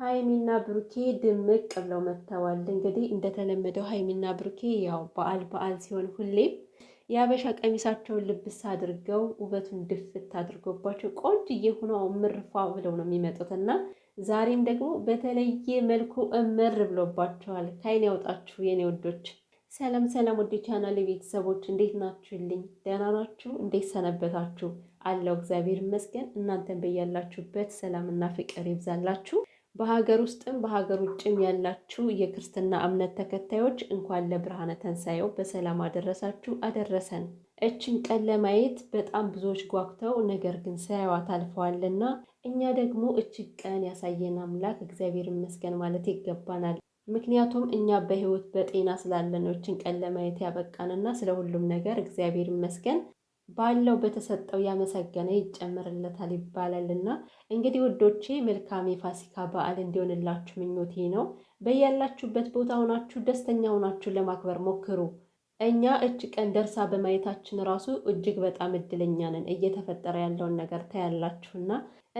ሀይሚና ብሩኬ ድምቅ ብለው መጥተዋል። እንግዲህ እንደተለመደው ሀይሚና ብሩኬ ያው በዓል በዓል ሲሆን ሁሌም የአበሻ ቀሚሳቸውን ልብስ አድርገው ውበቱን ድፍት አድርጎባቸው ቆንጅዬ ሆነው እምርፏ ብለው ነው እና ዛሬም ደግሞ በተለየ መልኩ እምር ብሎባቸዋል። ከአይን ያውጣችሁ የኔ ወዶች። ሰላም ሰላም፣ ወደ ቻናል ቤተሰቦች እንዴት ናችሁልኝ? ደህና ናችሁ? እንዴት ሰነበታችሁ? አለው እግዚአብሔር ይመስገን። እናንተን በያላችሁበት ሰላምና ፍቅር ይብዛላችሁ። በሀገር ውስጥም በሀገር ውጭም ያላችሁ የክርስትና እምነት ተከታዮች እንኳን ለብርሃነ ተንሳኤው በሰላም አደረሳችሁ አደረሰን። እችን ቀን ለማየት በጣም ብዙዎች ጓጉተው ነገር ግን ሳያዩዋት አልፈዋልና እኛ ደግሞ እችን ቀን ያሳየን አምላክ እግዚአብሔር ይመስገን ማለት ይገባናል። ምክንያቱም እኛ በህይወት በጤና ስላለነው እችን ቀን ለማየት ያበቃንና ስለ ሁሉም ነገር እግዚአብሔር ይመስገን። ባለው በተሰጠው ያመሰገነ ይጨመርለታል ይባላል እና እንግዲህ ውዶቼ መልካም የፋሲካ በዓል እንዲሆንላችሁ ምኞቴ ነው። በያላችሁበት ቦታ ሆናችሁ ደስተኛ ሆናችሁ ለማክበር ሞክሩ። እኛ እች ቀን ደርሳ በማየታችን ራሱ እጅግ በጣም እድለኛ ነን። እየተፈጠረ ያለውን ነገር ታያላችሁና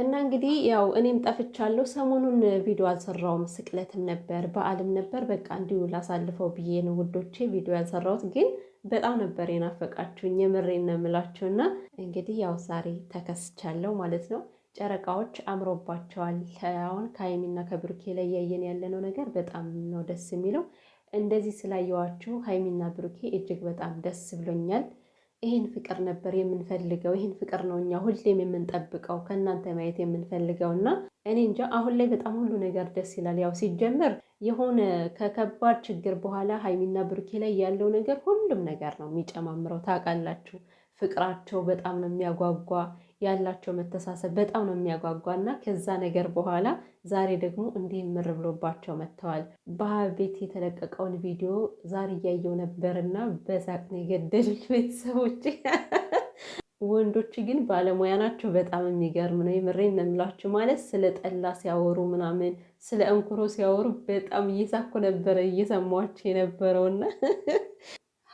እና እንግዲህ ያው እኔም ጠፍቻለሁ። ሰሞኑን ቪዲዮ አልሰራውም፣ ስቅለትም ነበር በዓልም ነበር። በቃ እንዲሁ ላሳልፈው ብዬ ነው ውዶቼ ቪዲዮ ያልሰራሁት ግን በጣም ነበር የናፈቃችሁኝ። የምሬን ነው የምላችሁ። እና እንግዲህ ያው ዛሬ ተከስቻለሁ ማለት ነው። ጨረቃዎች አምሮባቸዋል። አሁን ከሀይሚና ከብሩኬ ላይ እያየን ያለነው ነገር በጣም ነው ደስ የሚለው። እንደዚህ ስላየዋችሁ ሀይሚና ብሩኬ እጅግ በጣም ደስ ብሎኛል። ይህን ፍቅር ነበር የምንፈልገው። ይህን ፍቅር ነው እኛ ሁሌም የምንጠብቀው ከእናንተ ማየት የምንፈልገው እና እኔ እንጃ አሁን ላይ በጣም ሁሉ ነገር ደስ ይላል። ያው ሲጀመር የሆነ ከከባድ ችግር በኋላ ሀይሚና ብሩኬ ላይ ያለው ነገር ሁሉም ነገር ነው የሚጨማምረው። ታውቃላችሁ፣ ፍቅራቸው በጣም ነው የሚያጓጓ ያላቸው መተሳሰብ በጣም ነው የሚያጓጓና ከዛ ነገር በኋላ ዛሬ ደግሞ እንዲህ ምር ብሎባቸው መጥተዋል። በሀብ ቤት የተለቀቀውን ቪዲዮ ዛሬ እያየው ነበርና በሳቅ ነው የገደሉኝ ቤተሰቦች። ወንዶች ግን ባለሙያ ናቸው። በጣም የሚገርም ነው። የምሬ ነው ማለት ስለ ጠላ ሲያወሩ ምናምን ስለ እንኩሮ ሲያወሩ በጣም እየሳኩ ነበረ እየሰማችሁ የነበረውና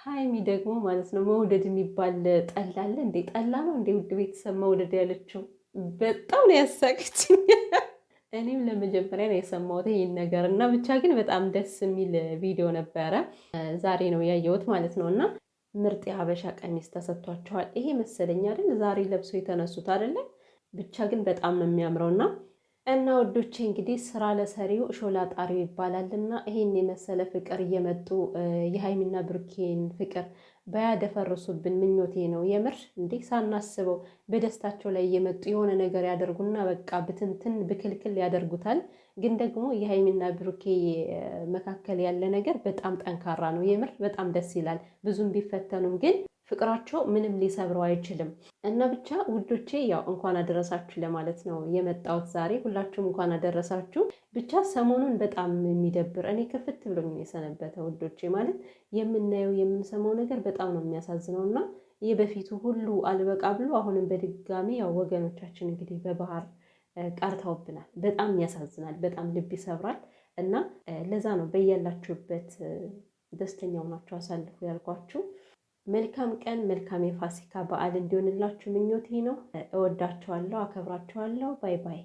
ሀይሚ ደግሞ ማለት ነው መውደድ የሚባል ጠላ አለ እንዴ? ጠላ ነው እንዴ? ውድ ቤተሰብ መውደድ ያለችው በጣም ነው ያሳቀችኝ። እኔም ለመጀመሪያ ነው የሰማሁት ይህን ነገር እና ብቻ ግን በጣም ደስ የሚል ቪዲዮ ነበረ። ዛሬ ነው ያየሁት ማለት ነው እና ምርጥ የሀበሻ ቀሚስ ተሰጥቷቸዋል። ይሄ መሰለኝ አይደል ዛሬ ለብሶ የተነሱት አይደለም። ብቻ ግን በጣም ነው የሚያምረው እና እና ወዶቼ እንግዲህ ስራ ለሰሪው እሾላ ጣሪው ይባላል እና ይህን የመሰለ ፍቅር እየመጡ የሀይሚና ብሩኬን ፍቅር ባያደፈርሱብን ምኞቴ ነው። የምር እንዲህ ሳናስበው በደስታቸው ላይ እየመጡ የሆነ ነገር ያደርጉና በቃ ብትንትን ብክልክል ያደርጉታል። ግን ደግሞ የሀይሚና ብሩኬ መካከል ያለ ነገር በጣም ጠንካራ ነው። የምር በጣም ደስ ይላል። ብዙም ቢፈተኑም ግን ፍቅራቸው ምንም ሊሰብረው አይችልም። እና ብቻ ውዶቼ ያው እንኳን አደረሳችሁ ለማለት ነው የመጣሁት ዛሬ። ሁላችሁም እንኳን አደረሳችሁ። ብቻ ሰሞኑን በጣም የሚደብር እኔ ክፍት ብሎኝ የሰነበተ ውዶቼ፣ ማለት የምናየው የምንሰማው ነገር በጣም ነው የሚያሳዝነው እና የበፊቱ ሁሉ አልበቃ ብሎ አሁንም በድጋሚ ያው ወገኖቻችን እንግዲህ በባህር ቀርተውብናል። በጣም ያሳዝናል። በጣም ልብ ይሰብራል። እና ለዛ ነው በያላችሁበት ደስተኛ ሆናችሁ አሳልፉ ያልኳችሁ። መልካም ቀን፣ መልካም የፋሲካ በዓል እንዲሆንላችሁ ምኞቴ ነው። እወዳችኋለሁ፣ አከብራችኋለሁ። ባይ ባይ።